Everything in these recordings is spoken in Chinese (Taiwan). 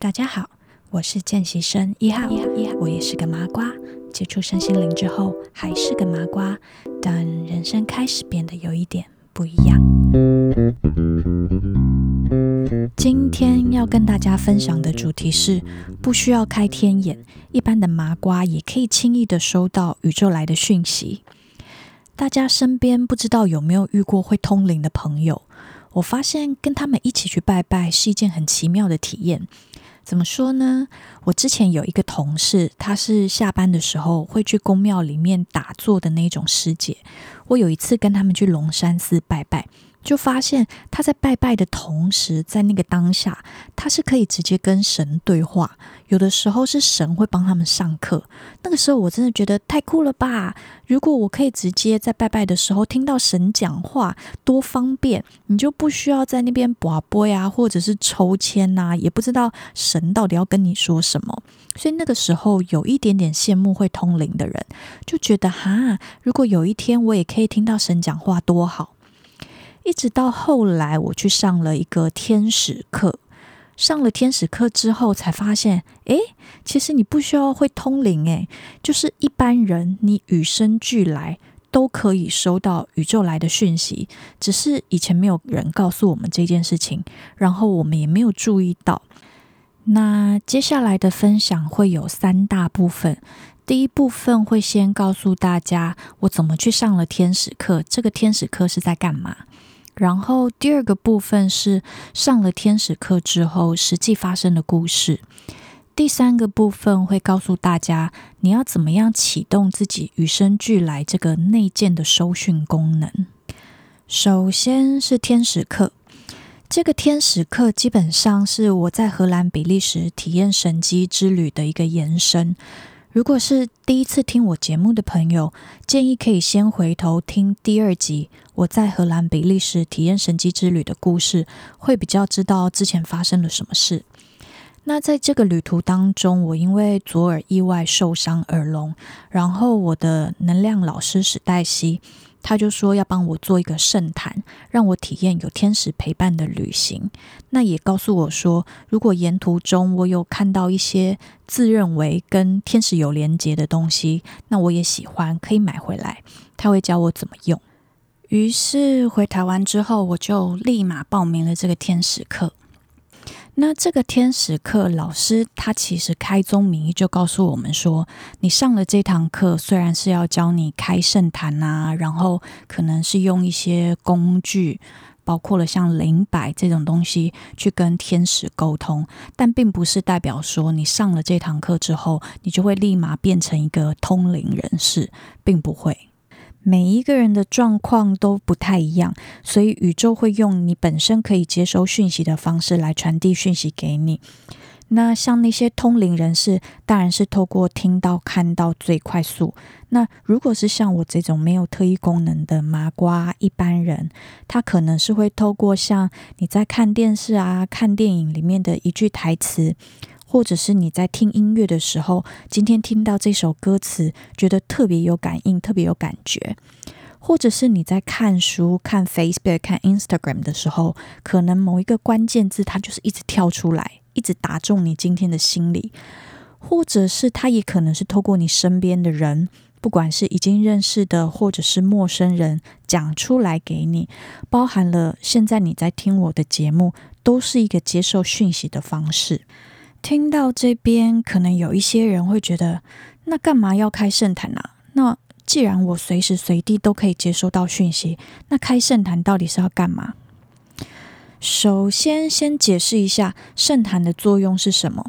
大家好，我是見習生一號一號一號，我也是個麻瓜。接觸身心靈之後，還是個麻瓜，但人生開始變得有一點不一樣。今天要跟大家分享的主題是：不需要開天眼，一般的麻瓜也可以輕易的收到宇宙來的訊息。大家身邊不知道有沒有遇過會通靈的朋友？我發現跟他們一起去拜拜是一件很奇妙的體驗。怎麼說呢？我之前有一個同事，他是下班的時候會去宮廟裡面打坐的那種師姐。我有一次跟他們去龍山寺拜拜。就發現他在拜拜的同時，在那個當下，他是可以直接跟神對話。有的時候是神會幫他們上課，那個時候我真的覺得太酷了吧！如果我可以直接在拜拜的時候聽到神講話，多方便！你就不需要在那邊博杯呀，或者是抽籤吶、啊，也不知道神到底要跟你說什麼。所以那個時候有一點點羨慕會通靈的人，就覺得哈、啊，如果有一天我也可以聽到神講話，多好！一直到後來，我去上了一個天使課。上了天使課之後，才發現，誒，其實你不需要會通靈，誒，就是一般人，你與生俱來都可以收到宇宙來的訊息，只是以前沒有人告訴我們這件事情，然後我們也沒有注意到。那接下來的分享會有三大部分，第一部分會先告訴大家我怎麼去上了天使課，這個天使課是在幹嘛。然後第二個部分是上了天使課之後實際發生的故事。第三個部分會告訴大家你要怎麼樣啟動自己與生俱來這個內建的收訊功能。首先是天使課，這個天使課基本上是我在荷蘭、比利時體驗神蹟之旅的一個延伸。如果是第一次聽我節目的朋友，建議可以先回頭聽第二集，我在荷蘭、比利時體驗神奇之旅的故事，會比較知道之前發生了什麼事。那在這個旅途當中，我因為左耳意外受傷耳聾，然後我的能量老師史黛西，他就說要幫我做一個聖壇，讓我體驗有天使陪伴的旅行。那也告訴我說，如果沿途中我有看到一些自認為跟天使有連接的東西，那我也喜歡可以買回來。他會教我怎麼用。於是回台灣之後，我就立馬報名了這個天使課。那這個天使課老師，他其實開宗明義就告訴我們說，你上了這堂課，雖然是要教你開聖壇啊，然後可能是用一些工具，包括了像靈擺這種東西去跟天使溝通，但並不是代表說你上了這堂課之後，你就會立馬變成一個通靈人士，並不會。每一個人的狀況都不太一樣，所以宇宙會用你本身可以接收訊息的方式來傳遞訊息給你。那像那些通靈人士，當然是透過聽到、看到最快速。那如果是像我這種沒有特異功能的麻瓜一般人，他可能是會透過像你在看電視啊、看電影裡面的一句台詞。或者是你在聽音樂的時候，今天聽到這首歌詞，覺得特別有感應、特別有感覺；或者是你在看書、看 Facebook、看 Instagram 的時候，可能某一個關鍵字它就是一直跳出來，一直打中你今天的心裡；或者是它也可能是透過你身邊的人，不管是已經認識的或者是陌生人，講出來給你。包含了現在你在聽我的節目，都是一個接受訊息的方式。聽到這邊，可能有一些人會覺得，那幹嘛要開聖壇啊？那既然我隨時隨地都可以接收到訊息，那開聖壇到底是要幹嘛？首先，先解釋一下聖壇的作用是什麼？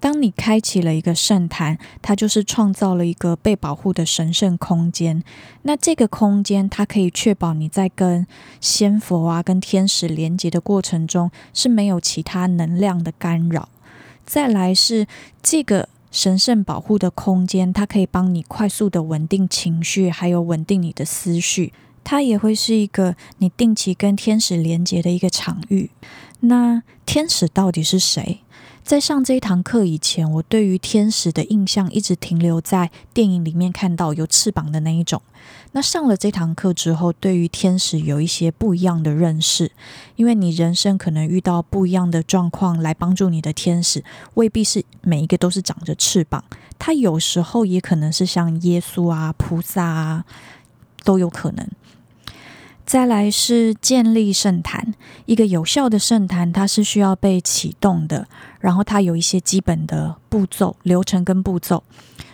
當你開啟了一個聖壇，它就是創造了一個被保護的神聖空間。那這個空間，它可以確保你在跟仙佛啊、跟天使連接的過程中是沒有其他能量的干擾。再來是這個神聖保護的空間，它可以幫你快速的穩定情緒，還有穩定你的思緒。它也會是一個你定期跟天使連接的一個場域。那天使到底是誰？在上這一堂課以前，我對於天使的印象一直停留在電影裡面看到有翅膀的那一種。那上了這堂課之後，對於天使有一些不一樣的認識。因為你人生可能遇到不一樣的狀況來幫助你的天使，未必是每一個都是長着翅膀。他有時候也可能是像耶穌啊、菩薩啊，都有可能。再來是建立聖壇，一個有效的聖壇，它是需要被啟動的。然後它有一些基本的步驟、流程跟步驟。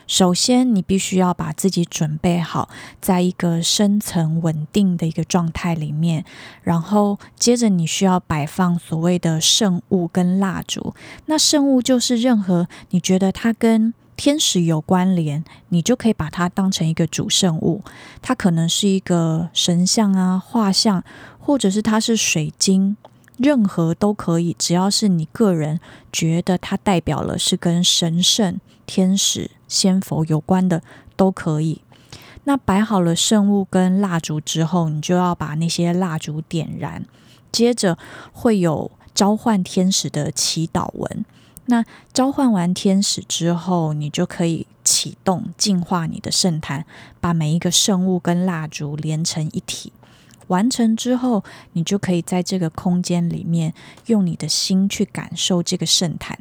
首先，你必須要把自己準備好，在一個深層穩定的一個狀態裡面。然後接着，你需要擺放所謂的聖物跟蠟燭。那聖物就是任何你覺得它跟天使有關聯，你就可以把它當成一個主聖物。它可能是一個神像啊、畫像，或者是它是水晶，任何都可以，只要是你個人覺得它代表了是跟神聖天使、仙佛有關的，都可以。那擺好了聖物跟蠟燭之後，你就要把那些蠟燭點燃，接着會有召喚天使的祈禱文。那召喚完天使之後，你就可以啟動淨化你的聖壇，把每一個聖物跟蠟燭連成一體。完成之後，你就可以在這個空間裡面用你的心去感受這個聖壇。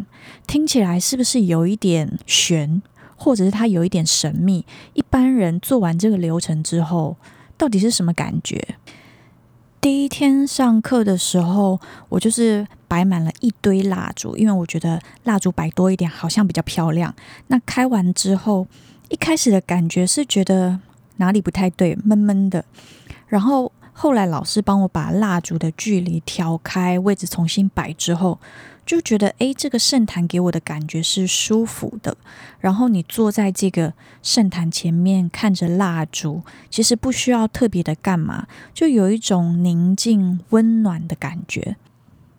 聽起來是不是有一點玄，或者是它有一點神秘？一般人做完這個流程之後，到底是什麼感覺？第一天上課的時候，我就是。擺滿了一堆蠟燭，因為我覺得蠟燭擺多一點好像比較漂亮。那開完之後，一開始的感覺是覺得哪裡不太對，悶悶的。然後後來老師幫我把蠟燭的距離調開，位置重新擺之後，就覺得誒，這個聖壇給我的感覺是舒服的。然後你坐在這個聖壇前面看着蠟燭，其實不需要特別的幹嘛，就有一種寧靜溫暖的感覺。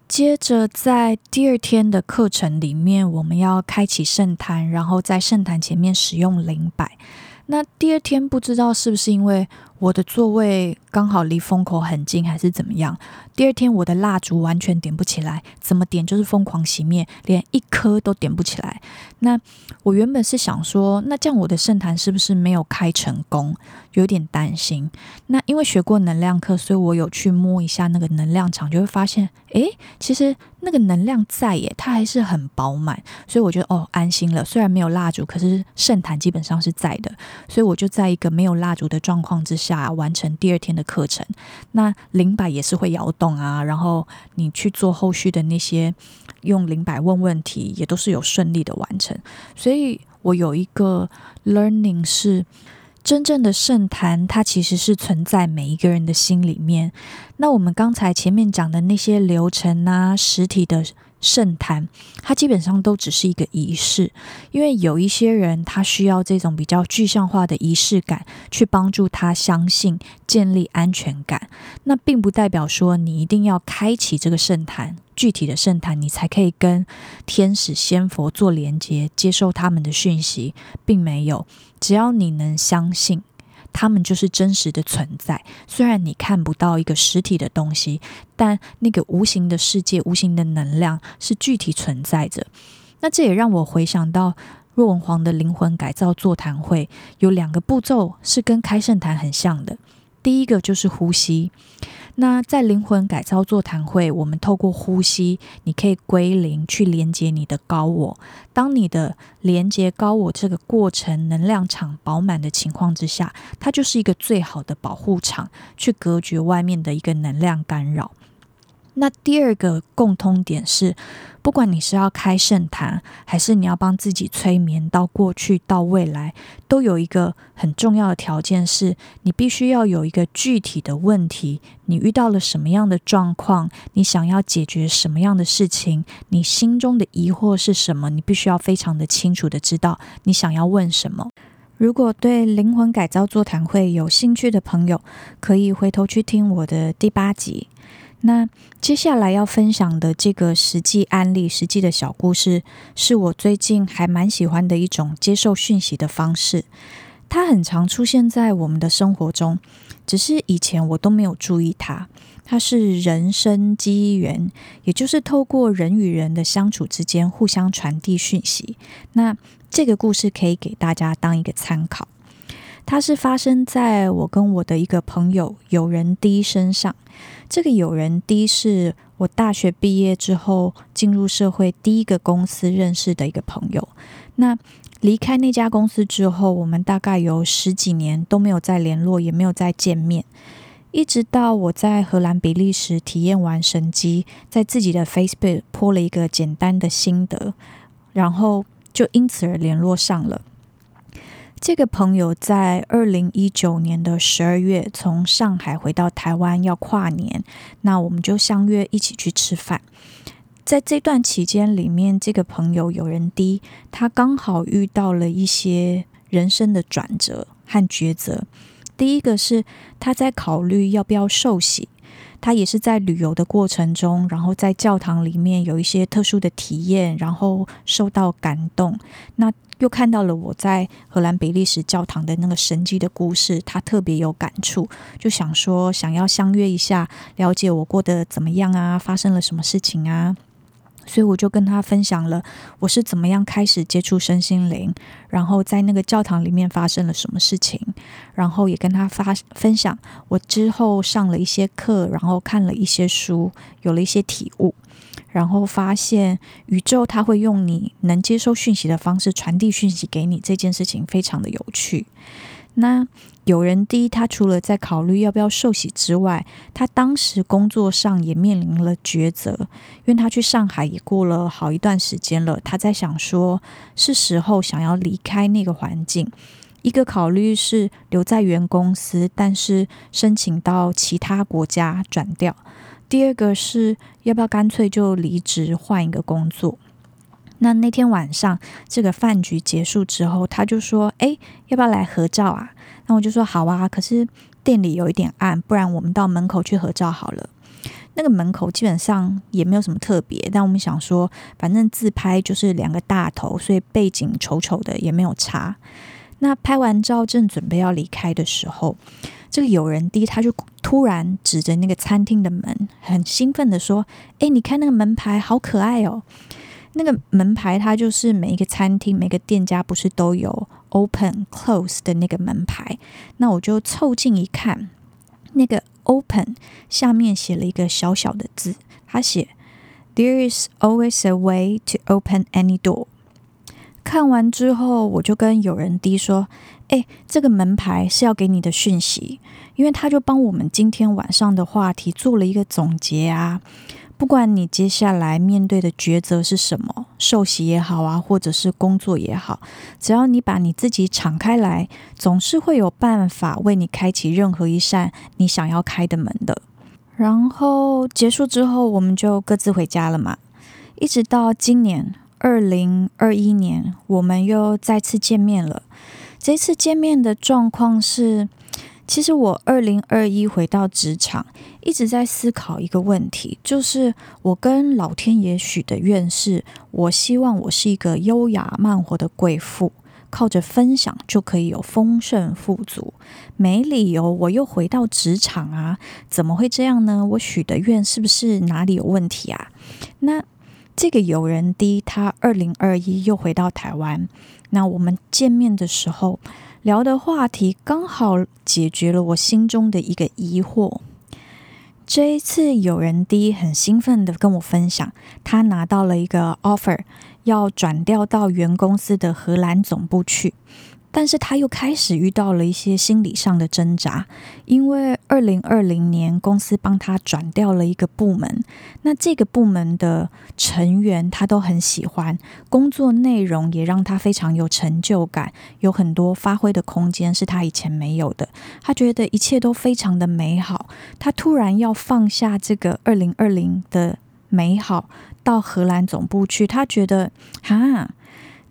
接着，在第二天的課程裡面，我們要開啟聖壇，然後在聖壇前面使用靈擺。那第二天不知道是不是因為。我的座位剛好離風口很近，還是怎麼樣？第二天我的蠟燭完全點不起來，怎麼點就是瘋狂熄滅，連一顆都點不起來。那我原本是想說，那這樣我的聖壇是不是沒有開成功？有點擔心。那因為學過能量課，所以我有去摸一下那個能量場，就會發現，欸，其實那個能量在耶，它還是很飽滿。所以我覺得哦，安心了。雖然沒有蠟燭，可是聖壇基本上是在的。所以我就在一個沒有蠟燭的狀況之下。下完成第二天的課程，那靈擺也是會搖動啊，然後你去做後續的那些用靈擺問問題，也都是有順利的完成。所以，我有一個 learning 是真正的聖壇，它其實是存在每一個人的心裡面。那我們剛才前面講的那些流程啊，實體的。聖壇，它基本上都只是一個儀式，因為有一些人他需要這種比較具象化的儀式感，去幫助他相信、建立安全感。那並不代表說你一定要開啟這個聖壇，具體的聖壇你才可以跟天使、仙佛做連接、接受他們的訊息，並沒有。只要你能相信。他們就是真實的存在，雖然你看不到一個實體的東西，但那個無形的世界、無形的能量是具體存在着。那這也讓我回想到若文皇的靈魂改造座談會，有兩個步驟是跟開聖壇很像的。第一個就是呼吸。那在靈魂改造座談會，我們透過呼吸，你可以歸零，去連接你的高我。當你的連接高我這個過程能量場飽滿的情況之下，它就是一個最好的保護場，去隔絕外面的一個能量干擾。那第二個共通點是，不管你是要開聖壇，還是你要幫自己催眠到過去到未來，都有一個很重要的條件是，是你必須要有一個具體的問題。你遇到了什麼樣的狀況？你想要解決什麼樣的事情？你心中的疑惑是什麼？你必須要非常的清楚的知道你想要問什麼。如果對靈魂改造座談會有興趣的朋友，可以回頭去聽我的第八集。那接下來要分享的這個實際案例，實際的小故事，是我最近還蠻喜歡的一種接受訊息的方式。它很常出現在我們的生活中，只是以前我都沒有注意它。它是人生機緣，也就是透過人與人的相處之間互相傳遞訊息。那這個故事可以給大家當一個參考。它是發生在我跟我的一個朋友友人 D 身上。這個友人第一是我大學畢業之後進入社會第一個公司認識的一個朋友，那離開那家公司之後，我們大概有十幾年都沒有再聯絡，也沒有再見面。一直到我在荷蘭比利時體驗完神機，在自己的 Facebook 潑了一個簡單的心得，然後就因此而聯絡上了。這個朋友在二零一九年的十二月從上海回到台灣要跨年，那我們就相約一起去吃飯。在這段期間裡面，這個朋友友人 D，他剛好遇到了一些人生的轉折和抉擇。第一個是他在考慮要不要受洗。他也是在旅遊的過程中，然後在教堂裡面有一些特殊的體驗，然後受到感動。那又看到了我在荷蘭、比利時教堂的那個神跡的故事，他特別有感觸，就想說想要相約一下，了解我過得怎麼樣啊，發生了什麼事情啊。所以我就跟他分享了我是怎麼樣開始接觸身心靈，然後在那個教堂裡面發生了什麼事情，然後也跟他發分享我之後上了一些課，然後看了一些書，有了一些體悟，然後發現宇宙它會用你能接收訊息的方式傳遞訊息給你，這件事情非常的有趣。那。有人第一，他除了在考慮要不要受洗之外，他當時工作上也面臨了抉擇，因為他去上海也過了好一段時間了，他在想說是時候想要離開那個環境。一個考慮是留在原公司，但是申請到其他國家轉調；第二個是要不要乾脆就離職換一個工作。那那天晚上，這個飯局結束之後，他就說：“哎，要不要來合照啊？”那我就說好啊，可是店裡有一點暗，不然我們到門口去合照好了。那個門口基本上也沒有什麼特別，但我們想說，反正自拍就是兩個大頭，所以背景醜醜的也沒有差。那拍完照正準備要離開的時候，這個友人 D，他就突然指着那個餐廳的門，很興奮的說：“哎，你看那個門牌好可愛哦！”那個門牌，它就是每一個餐廳、每個店家不是都有 open close 的那個門牌。那我就湊近一看，那個 open 下面寫了一個小小的字，他寫 "There is always a way to open any door"。看完之後，我就跟友人 D 說：“誒，這個門牌是要給你的訊息，因為他就幫我們今天晚上的話題做了一個總結啊。”不管你接下來面對的抉擇是什麼，受洗也好啊，或者是工作也好，只要你把你自己敞開來，總是會有辦法為你開啟任何一扇你想要開的門的。然後結束之後，我們就各自回家了嘛。一直到今年二零二一年，我們又再次見面了。這次見面的狀況是。其實我二零二一回到職場，一直在思考一個問題，就是我跟老天爺許的願是，我希望我是一個優雅慢活的貴婦，靠着分享就可以有豐盛富足，沒理由我又回到職場啊？怎麼會這樣呢？我許的願是不是哪裡有問題啊？那這個友人 D 他二零二一又回到台灣，那我們見面的時候。聊的話題剛好解決了我心中的一個疑惑。這一次，有人 D 很興奮的跟我分享，他拿到了一個 offer，要轉調到原公司的荷蘭總部去。但是他又開始遇到了一些心理上的掙扎，因為二零二零年公司幫他轉調了一個部門，那這個部門的成員他都很喜歡，工作內容也讓他非常有成就感，有很多發揮的空間是他以前沒有的，他覺得一切都非常的美好。他突然要放下這個二零二零的美好，到荷蘭總部去，他覺得哈。啊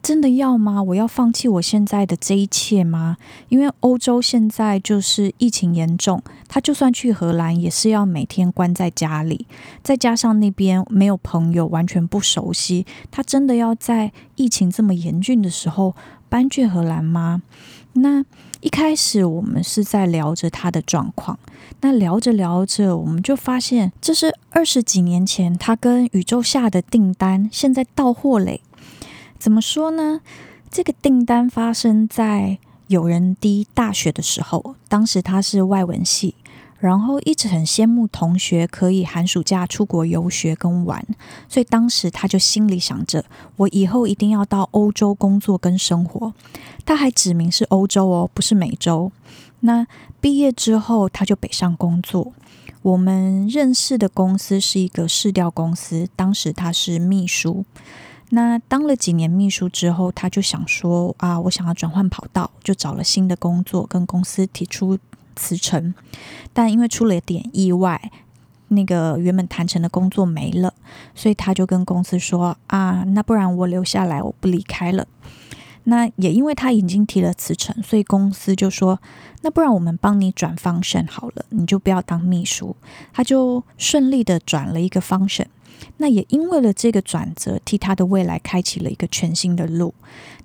真的要嗎？我要放棄我現在的這一切嗎？因為歐洲現在就是疫情嚴重，他就算去荷蘭也是要每天關在家裡，再加上那邊沒有朋友，完全不熟悉，他真的要在疫情這麼嚴峻的時候搬去荷蘭嗎？那一開始我們是在聊着他的狀況，那聊着聊着，我們就發現這是二十幾年前他跟宇宙下的訂單，現在到貨嘞。怎麼說呢？這個訂單發生在有人第一大學的時候，當時他是外文系，然後一直很羨慕同學可以寒暑假出國遊學跟玩，所以當時他就心裡想着，我以後一定要到歐洲工作跟生活。他還指明是歐洲哦，不是美洲。那畢業之後他就北上工作，我們認識的公司是一個市調公司，當時他是秘書。那當了幾年秘書之後，他就想說啊，我想要轉換跑道，就找了新的工作，跟公司提出辭呈。但因為出了點意外，那個原本談成的工作沒了，所以他就跟公司說啊，那不然我留下來，我不離開了。那也因為他已經提了辭呈，所以公司就說，那不然我們幫你轉 function 好了，你就不要當秘書。他就順利的轉了一個 function。那也因為了這個轉折，替他的未來開啟了一個全新的路。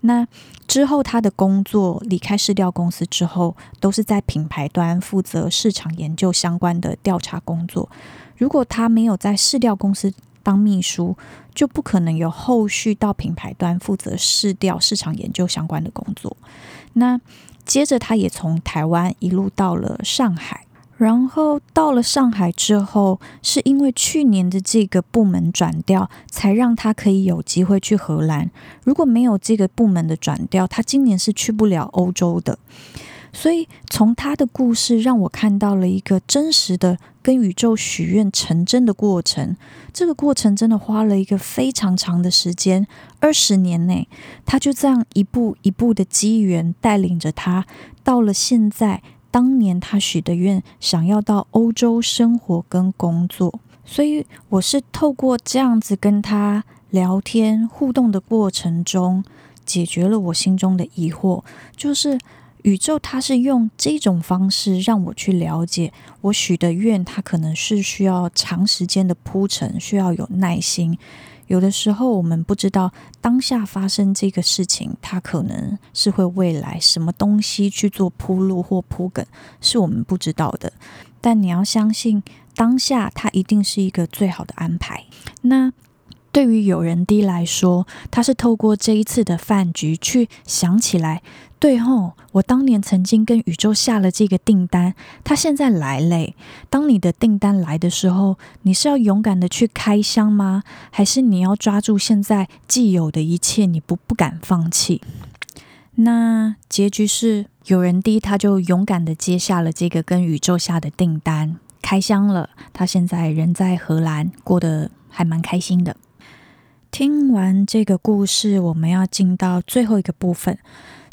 那之後，他的工作離開市調公司之後，都是在品牌端負責市場研究相關的調查工作。如果他沒有在市調公司當秘書，就不可能有後續到品牌端負責市調市場研究相關的工作。那接着，他也從台灣一路到了上海。然後到了上海之後，是因為去年的這個部門轉調，才讓他可以有機會去荷蘭。如果沒有這個部門的轉調，他今年是去不了歐洲的。所以從他的故事，讓我看到了一個真實的跟宇宙許願成真的過程。這個過程真的花了一個非常長的時間，二十年內，他就這樣一步一步的機緣帶領着他，到了現在。當年他許的願，想要到歐洲生活跟工作，所以我是透過這樣子跟他聊天互動的過程中，解決了我心中的疑惑。就是宇宙，它是用這種方式讓我去了解，我許的願，它可能是需要長時間的鋪陳，需要有耐心。有的時候，我們不知道當下發生這個事情，它可能是會未來什麼東西去做鋪路或鋪梗，是我們不知道的。但你要相信，當下它一定是一個最好的安排。那對於有人 D 來說，他是透過這一次的飯局去想起來。對吼，我當年曾經跟宇宙下了這個訂單，他現在來了、欸。當你的訂單來的時候，你是要勇敢的去開箱嗎？還是你要抓住現在既有的一切，你不不敢放棄？那結局是有人低，他就勇敢的接下了這個跟宇宙下的訂單，開箱了。他現在人在荷蘭，過得還蠻開心的。聽完這個故事，我們要進到最後一個部分。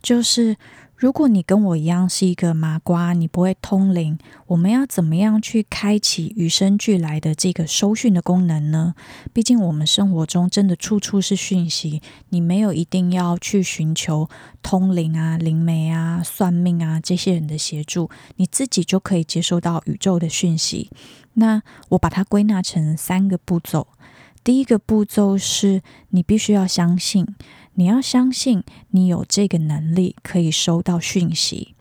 就是，如果你跟我一樣是一個麻瓜，你不會通靈，我們要怎麼樣去開啟與生俱來的這個收訊的功能呢？畢竟我們生活中真的處處是訊息，你沒有一定要去尋求通靈啊、靈媒啊、算命啊這些人的協助，你自己就可以接收到宇宙的訊息。那我把它歸納成三個步驟，第一個步驟是你必須要相信。你要相信你有這個能力可以收到訊息。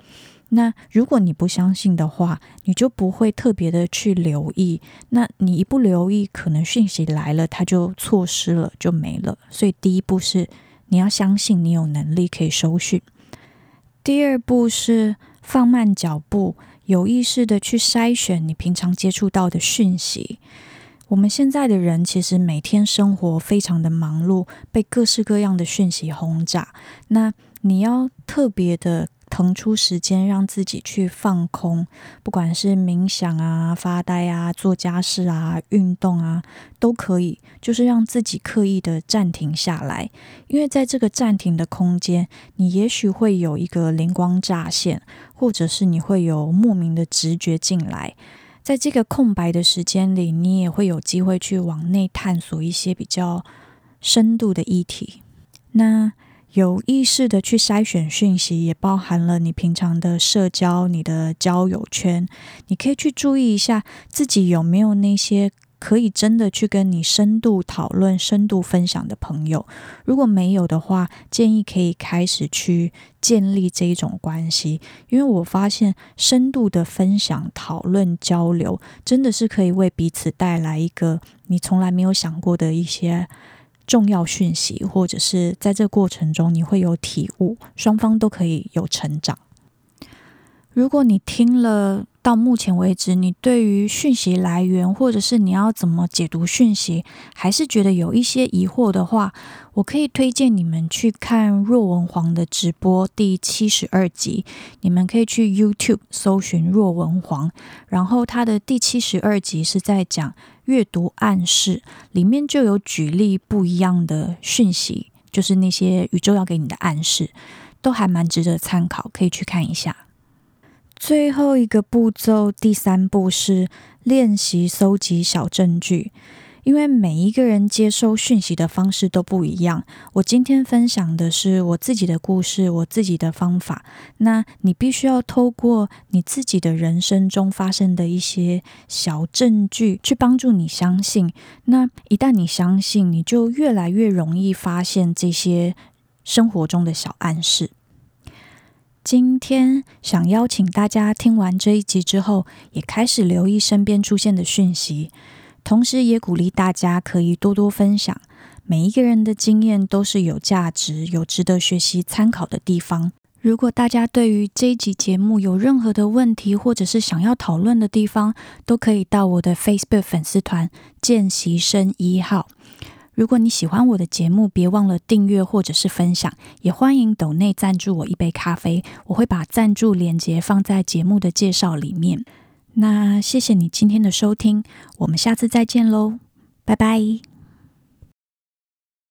那如果你不相信的話，你就不會特別的去留意。那你一不留意，可能訊息來了，它就錯失了，就沒了。所以第一步是你要相信你有能力可以收訊。第二步是放慢腳步，有意識的去篩選你平常接觸到的訊息。我們現在的人其實每天生活非常的忙碌，被各式各樣的訊息轟炸。那你要特別的騰出時間，讓自己去放空，不管是冥想啊、發呆啊、做家事啊、運動啊，都可以，就是讓自己刻意的暫停下來。因為在這個暫停的空間，你也許會有一個靈光乍現，或者是你會有莫名的直覺進來。在這個空白的時間裡，你也會有機會去往內探索一些比較深度的議題。那有意識的去篩選訊息，也包含了你平常的社交、你的交友圈，你可以去注意一下自己有沒有那些。可以真的去跟你深度討論、深度分享的朋友，如果沒有的話，建議可以開始去建立這一種關係，因為我發現深度的分享、討論、交流，真的是可以為彼此帶來一個你從來沒有想過的一些重要訊息，或者是在這過程中你會有體悟，雙方都可以有成長。如果你聽了到目前為止，你對於訊息來源，或者是你要怎麼解讀訊息，還是覺得有一些疑惑的話，我可以推薦你們去看若文黃的直播第七十二集。你們可以去 YouTube 搜尋若文黃，然後他的第七十二集是在講閱讀暗示，裡面就有舉例不一樣的訊息，就是那些宇宙要給你的暗示，都還蠻值得參考，可以去看一下。最後一個步驟，第三步是練習蒐集小證據，因為每一個人接收訊息的方式都不一樣。我今天分享的是我自己的故事，我自己的方法。那你必須要透過你自己的人生中發生的一些小證據，去幫助你相信。那一旦你相信，你就越來越容易發現這些生活中的小暗示。今天想邀請大家聽完這一集之後，也開始留意身邊出現的訊息，同時也鼓勵大家可以多多分享，每一個人的經驗都是有價值、有值得學習參考的地方。如果大家對於這一集節目有任何的問題，或者是想要討論的地方，都可以到我的 Facebook 粉絲團“見習生一號”。如果你喜歡我的節目，別忘了訂閱或者是分享，也歡迎斗內贊助我一杯咖啡，我會把贊助鏈接放在節目的介紹裡面。那謝謝你今天的收聽，我們下次再見嘍，拜拜。